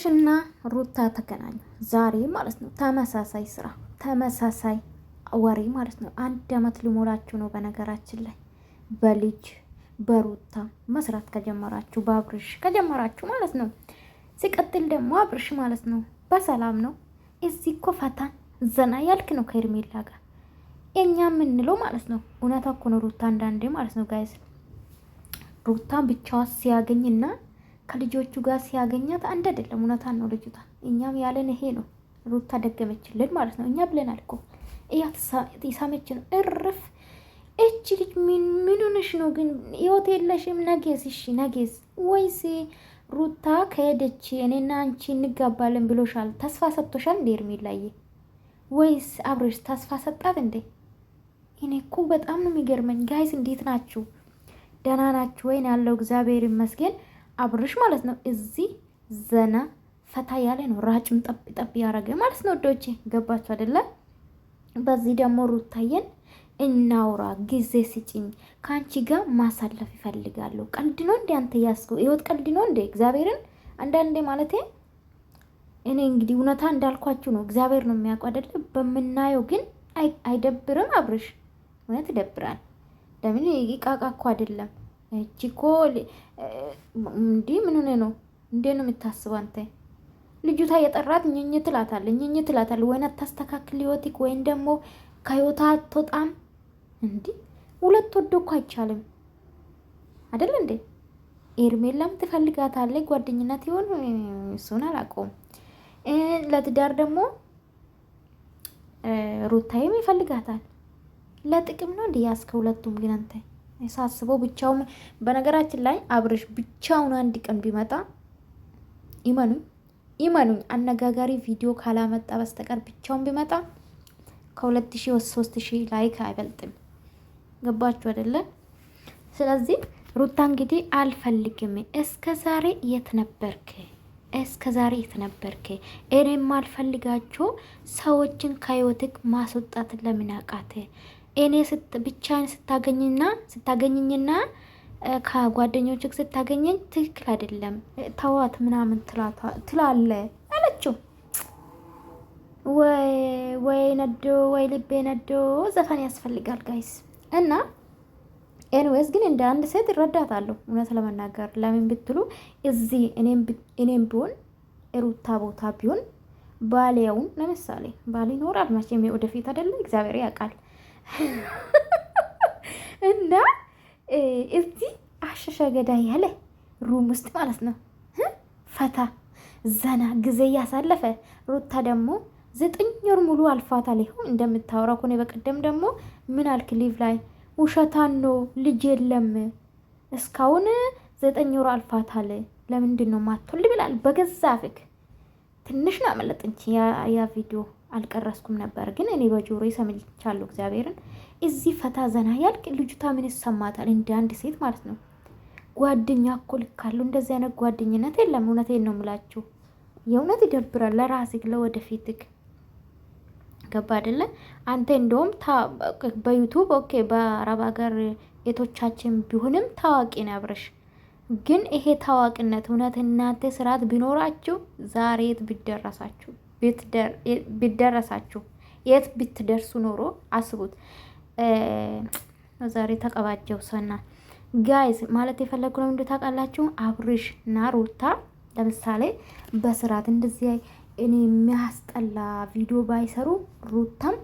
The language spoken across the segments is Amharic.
አብርሽና ሩታ ተገናኙ ዛሬ ማለት ነው። ተመሳሳይ ስራ ተመሳሳይ ወሬ ማለት ነው። አንድ አመት ሊሞላችሁ ነው። በነገራችን ላይ በልጅ በሩታ መስራት ከጀመራችሁ በአብርሽ ከጀመራችሁ ማለት ነው። ሲቀጥል ደግሞ አብርሽ ማለት ነው በሰላም ነው። እዚህ እኮ ዘና ያልክ ነው ከሄርሜላ ጋር እኛ የምንለው ማለት ነው። እውነታ እኮ ነው ሩታ አንዳንዴ ማለት ነው ጋይስ ሩታ ብቻዋ ሲያገኝና ከልጆቹ ጋር ሲያገኛት አንድ አይደለም። እውነታን ነው ልጅቷ። እኛም ያለን ይሄ ነው። ሩታ ደገመችልን ማለት ነው። እኛ ብለናል እኮ እያት ሳመች ነው እርፍ እች ልጅ ምን ሆነሽ ነው ግን? ህይወት የለሽም። ነጌዝ እሺ፣ ነጌዝ ወይስ ሩታ ከሄደች እኔና አንቺ እንጋባለን ብሎሻል? ተስፋ ሰጥቶሻል እንዴ ሄርሜላዬ? ወይስ አብረሽ ተስፋ ሰጣት እንዴ? እኔ እኮ በጣም ነው የሚገርመኝ። ጋይዝ እንዴት ናችሁ? ደህና ናችሁ ወይን? ያለው እግዚአብሔር ይመስገን። አብርሽ ማለት ነው። እዚህ ዘና ፈታ ያለ ነው። ራጭም ጠብ ጠብ ያደረገ ማለት ነው። ወዶቼ ገባችሁ አይደለ? በዚህ ደግሞ ሩታየን እናውራ ጊዜ ስጭኝ፣ ከአንቺ ጋር ማሳለፍ ይፈልጋሉ ቀልድ ነው እንዴ አንተ ያስኩ ህይወት ቀልድ ነው እንዴ? እግዚአብሔርን አንዳንዴ ማለቴ እኔ እንግዲህ እውነታ እንዳልኳችሁ ነው። እግዚአብሔር ነው የሚያውቀው አይደለ? በምናየው ግን አይደብርም? አብርሽ እውነት ይደብራል። ለምን ይቃቃ እኮ አይደለም እቺ እኮ እንዲህ ምን ሆነ ነው እንዴ ነው የምታስበው አንተ? ልጅቷ የጠራት እኝኝ ትላታለ እኝኝ ትላታለ። ወይን አታስተካክል ህይወትክ ወይም ደግሞ ከህይወታ አትወጣም። እንዲህ ሁለት ወዶ እኮ አይቻልም አይደል እንዴ? ኤርሜላም ትፈልጋታለች። ጓደኝነት ይሆን እሱን አላውቀውም። ለትዳር ደግሞ ሩታይም ይፈልጋታል። ለጥቅም ነው እንዲህ ያስከ ሁለቱም ግን አንተ ሳስበው ብቻውን። በነገራችን ላይ አብርሽ ብቻውን አንድ ቀን ቢመጣ ይመኑኝ ይመኑኝ አነጋጋሪ ቪዲዮ ካላመጣ በስተቀር ብቻውን ቢመጣ ከሁለት ሺህ ወደ ሶስት ሺህ ላይክ አይበልጥም። ገባችሁ አይደለ? ስለዚህ ሩታ እንግዲህ አልፈልግም። እስከ ዛሬ የት ነበርክ? እስከ ዛሬ የት ነበርክ? እኔም አልፈልጋቸው ሰዎችን ከህይወትክ ማስወጣት ለምን አቃተ? እኔ ብቻን ስታገኝና ስታገኝኝና ከጓደኞች ስታገኘኝ ትክክል አይደለም ተዋት ምናምን ትላለ አለችው። ወይ ነዶ ወይ ልቤ ነዶ ዘፈን ያስፈልጋል ጋይስ እና ኤንዌስ ግን እንደ አንድ ሴት እረዳታለሁ። እውነት ለመናገር ለምን ብትሉ እዚህ እኔም ቢሆን ሩታ ቦታ ቢሆን ባሌውን ለምሳሌ ባል ይኖራል መቼም ወደፊት አይደለ እግዚአብሔር ያውቃል እና እዚህ አሸሸ ገዳ ያለ ሩም ውስጥ ማለት ነው ፈታ ዘና ጊዜ እያሳለፈ ሩታ ደግሞ ዘጠኝ ወር ሙሉ አልፋታ ላይሆን እንደምታወራ ኮነ። በቀደም ደግሞ ምን አልክ ሊቭ ላይ ውሸታን ነው ልጅ የለም እስካሁን ዘጠኝ ወር አልፋታል። ለምንድን ነው ማቶል ብላል። በገዛ ፍክ ትንሽ ነው አመለጥንች ያ ቪዲዮ አልቀረስኩም ነበር፣ ግን እኔ በጆሮ ሰምቻለሁ። እግዚአብሔርን እዚህ ፈታ ዘና ያልቅ ልጅቷ ምን ይሰማታል? እንደ አንድ ሴት ማለት ነው። ጓደኛ እኮ ልክ እንደዚህ አይነት ጓደኝነት የለም። እውነቴን ነው የምላችሁ። የእውነት ይደብራል። ለራስህ ለወደፊትህ ገባ አይደለ? አንተ እንደውም በዩቱብ ኦኬ፣ በአረብ ሀገር ቤቶቻችን ቢሆንም ታዋቂ ነው አብረሽ። ግን ይሄ ታዋቂነት እውነት እናንተ ስርዓት ቢኖራችሁ ዛሬ የት ብደረሳችሁ? ቢደረሳችሁ የት ብትደርሱ ኖሮ አስቡት። ዛሬ ተቀባጀው ሰና ጋይዝ ማለት የፈለጉ ነው። እንዴት ታውቃላችሁ? አብርሽ እና ሩታ ለምሳሌ በስርዓት እንደዚህ እኔ የሚያስጠላ ቪዲዮ ባይሰሩ ሩታም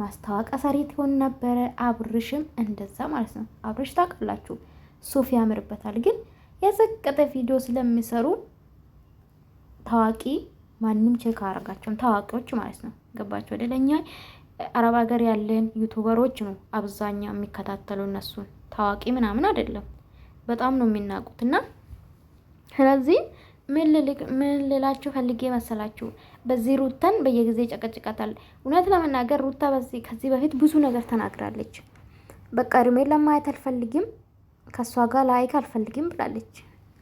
ማስታወቂያ ሰሪ ትሆን ነበረ፣ አብርሽም እንደዛ ማለት ነው። አብርሽ ታውቃላችሁ ሱፍ ያምርበታል፣ ግን የዘቀጠ ቪዲዮ ስለሚሰሩ ታዋቂ ማንም ቼክ አያደርጋቸውም። ታዋቂዎች ማለት ነው። ገባቸው ወደ ለኛ አረብ ሀገር ያለን ዩቱበሮች ነው አብዛኛው የሚከታተሉ እነሱን። ታዋቂ ምናምን አይደለም። በጣም ነው የሚናቁት እና ስለዚህ ምን ልላችሁ ፈልጌ መሰላችሁ፣ በዚህ ሩታን በየጊዜ ጨቀጭቃታል። እውነት ለመናገር ሩታ ከዚህ በፊት ብዙ ነገር ተናግራለች። በቃ እድሜ ለማየት አልፈልግም፣ ከእሷ ጋር ላይክ አልፈልግም ብላለች።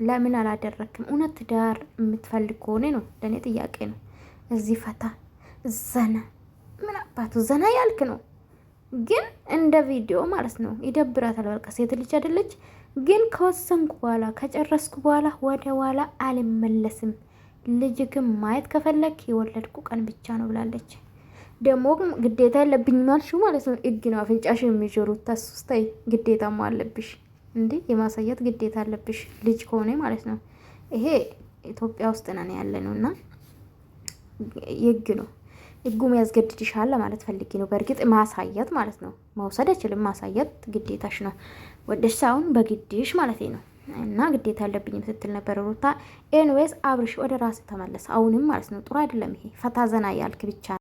ለምን አላደረክም? እውነት ትዳር የምትፈልግ ከሆነ ነው ለእኔ ጥያቄ ነው። እዚህ ፈታ ዘና ምን አባቱ ዘና ያልክ ነው ግን እንደ ቪዲዮ ማለት ነው ይደብራታል። በቃ ሴት ልጅ አይደለች። ግን ከወሰንኩ በኋላ ከጨረስኩ በኋላ ወደ ኋላ አልመለስም። ልጅ ግን ማየት ከፈለግ የወለድኩ ቀን ብቻ ነው ብላለች። ደግሞ ግዴታ ያለብኝ ማልሹ ማለት ነው። እግ ነው አፍንጫሽ የሚሽሩት ተሱስታይ ግዴታማ አለብሽ። እንዴ የማሳየት ግዴታ አለብሽ ልጅ ከሆነ ማለት ነው። ይሄ ኢትዮጵያ ውስጥ ነን ያለ ነው እና የግ ነው ህጉም ያስገድድሻል ለማለት ፈልጌ ነው። በእርግጥ ማሳየት ማለት ነው መውሰድ አይችልም። ማሳየት ግዴታሽ ነው። ወደሽ ሳይሆን በግድሽ ማለት ነው እና ግዴታ ያለብኝም ስትል ነበር ሩታ። ኤንዌስ አብርሽ ወደ ራስ ተመለሰ። አሁንም ማለት ነው ጥሩ አይደለም ይሄ ፈታ ዘና ያልክ ብቻ